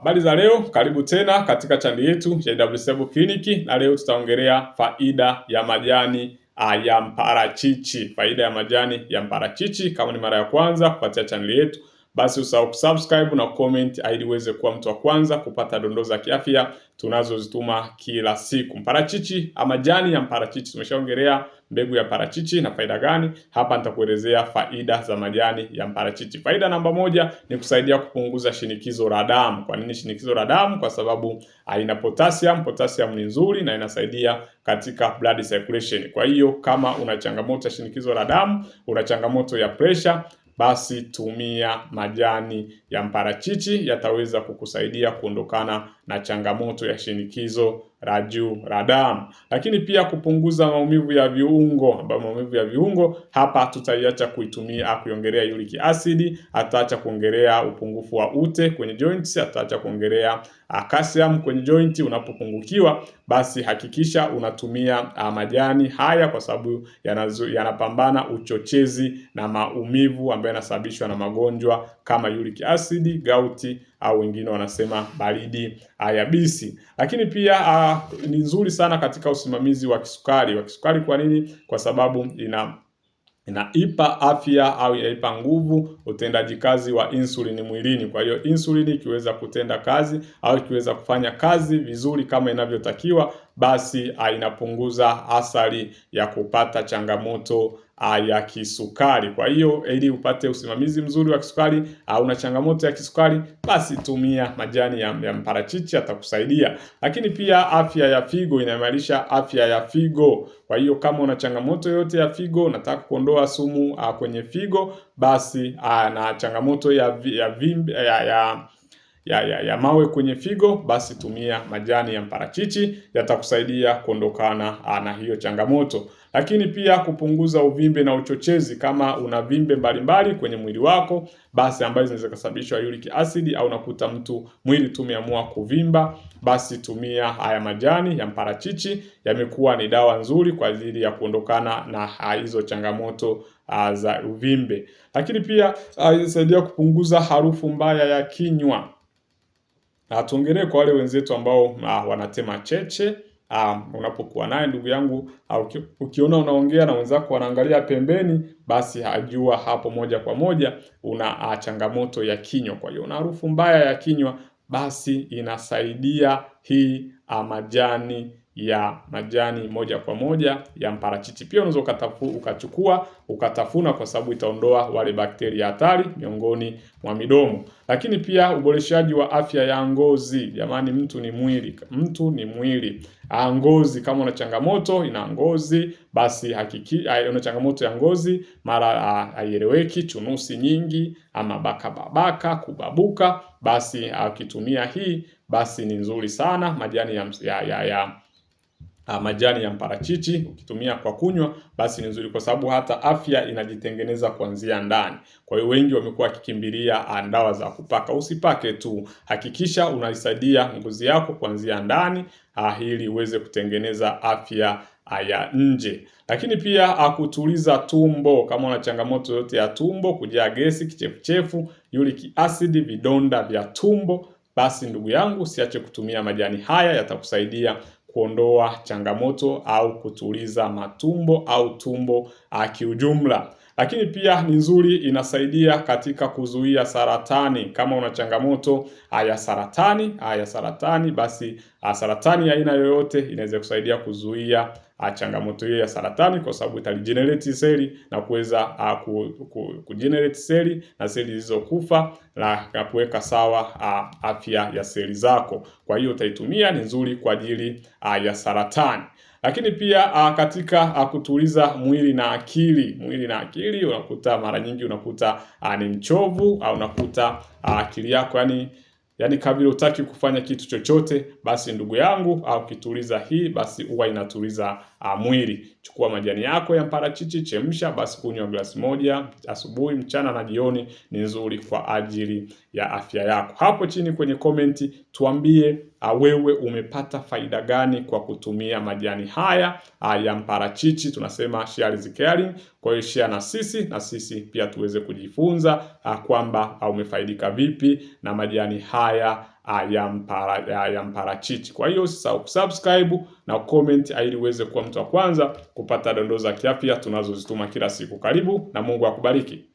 Habari za leo, karibu tena katika chaneli yetu ya W7 Clinic, na leo tutaongelea faida ya majani ah, ya mparachichi. Faida ya majani ya mparachichi. Kama ni mara ya kwanza kupatia chaneli yetu basi usahau kusubscribe na comment ili uweze kuwa mtu wa kwanza kupata dondoo za kiafya tunazozituma kila siku. Mparachichi ama jani ya mparachichi, tumeshaongelea mbegu ya parachichi na faida gani. Hapa nitakuelezea faida za majani ya mparachichi. Faida namba moja ni kusaidia kupunguza shinikizo la damu. Kwa nini shinikizo la damu? Kwa sababu haina potassium. Potassium ni nzuri na inasaidia katika blood circulation. Kwa hiyo kama una changamoto ya shinikizo la damu, una changamoto ya pressure basi tumia majani ya mparachichi, yataweza kukusaidia kuondokana na changamoto ya shinikizo la juu la damu, lakini pia kupunguza maumivu ya viungo, ambayo maumivu ya viungo hapa tutaiacha kuitumia kuiongelea uric acid, ataacha kuongelea upungufu wa ute kwenye joints, ataacha kuongelea ah, calcium kwenye joint. Unapopungukiwa basi hakikisha unatumia ah, majani haya, kwa sababu yanapambana uchochezi na maumivu ambayo yanasababishwa na magonjwa kama uric acid, gauti au wengine wanasema baridi ah, yabisi. Lakini pia a, ah, ni nzuri sana katika usimamizi wa kisukari wa kisukari. Kwa nini? Kwa sababu ina inaipa afya au inaipa nguvu utendaji kazi wa insulini mwilini. Kwa hiyo insulini ikiweza kutenda kazi au ikiweza kufanya kazi vizuri kama inavyotakiwa basi ah, inapunguza athari ya kupata changamoto ah, ya kisukari. Kwa hiyo ili upate usimamizi mzuri wa kisukari au ah, una changamoto ya kisukari, basi tumia majani ya, ya mparachichi atakusaidia. Lakini pia afya ya figo inaimarisha afya ya figo. Kwa hiyo kama una changamoto yote ya figo, unataka kuondoa sumu kwenye figo, basi na changamoto ya, ya, ya, ya, ya ya, ya, ya mawe kwenye figo, basi tumia majani ya mparachichi, yatakusaidia kuondokana ah, na hiyo changamoto. Lakini pia kupunguza uvimbe na uchochezi. Kama una vimbe mbalimbali kwenye mwili wako, basi ambazo zinaweza kusababishwa uric acid, au unakuta mtu mwili tumeamua kuvimba, basi tumia haya majani ya mparachichi, yamekuwa ni dawa nzuri kwa ajili ya kuondokana na ah, hizo changamoto ah, za uvimbe. Lakini pia inasaidia kupunguza harufu mbaya ya kinywa. Na tuongelee kwa wale wenzetu ambao na, ah, wanatema cheche Um, unapokuwa naye ndugu yangu ah, ukiona unaongea na wenzako wanaangalia pembeni, basi hajua hapo moja kwa moja una ah, changamoto ya kinywa. Kwa hiyo una harufu mbaya ya kinywa, basi inasaidia hii majani ya majani moja kwa moja ya mparachichi. Pia unaweza ukatafu, ukachukua ukatafuna, kwa sababu itaondoa wale bakteria hatari miongoni mwa midomo. Lakini pia uboreshaji wa afya ya ngozi. Jamani, mtu ni mwili, mtu ni mwili. A, ah, ngozi kama una changamoto ina ngozi basi hakiki, ah, una changamoto ya ngozi, mara ah, haieleweki, chunusi nyingi ama baka babaka kubabuka, basi akitumia hii basi ni nzuri sana majani ya, ya, ya, ya uh, majani ya mparachichi ukitumia kwa kunywa, basi ni nzuri, kwa sababu hata afya inajitengeneza kuanzia ndani. Kwa hiyo wengi wamekuwa wakikimbilia ah, dawa za kupaka. Usipake tu, hakikisha unaisaidia ngozi yako kuanzia ndani uh, ili uweze kutengeneza afya ya nje. Lakini pia kutuliza tumbo, kama una changamoto yote ya tumbo, kujaa gesi, kichefuchefu, uric acid, vidonda vya tumbo, basi ndugu yangu, usiache kutumia majani haya, yatakusaidia kuondoa changamoto au kutuliza matumbo au tumbo ah, kiujumla lakini pia ni nzuri, inasaidia katika kuzuia saratani. Kama una changamoto ya saratani ya saratani, basi ah, saratani ya aina yoyote inaweza kusaidia kuzuia ah, changamoto hiyo ya saratani, kwa sababu italigenerate seli na kuweza ah, ku, ku, kugenerate seli na seli zilizokufa na kuweka sawa afya ya seli zako. Kwa hiyo utaitumia, ni nzuri kwa ajili ya saratani. Lakini pia a, ah, katika a, ah, kutuliza mwili na akili, mwili na akili unakuta mara nyingi unakuta a, ah, ni mchovu au unakuta a, akili yako yani yaani kabla utaki kufanya kitu chochote, basi ndugu yangu, au kituliza hii basi huwa inatuliza uh, mwili. Chukua majani yako ya mparachichi, chemsha, basi kunywa glasi moja asubuhi, mchana na jioni, ni nzuri kwa ajili ya afya yako. Hapo chini kwenye komenti tuambie Ah, wewe umepata faida gani kwa kutumia majani haya ah, ya mparachichi. Tunasema share is caring, kwa hiyo share na sisi na sisi pia tuweze kujifunza ah, kwamba umefaidika vipi na majani haya ya mpara, ya mparachichi. Kwa hiyo usisahau kusubscribe na comment ili uweze kuwa mtu wa kwanza kupata dondoo za kiafya tunazozituma kila siku. Karibu na Mungu akubariki.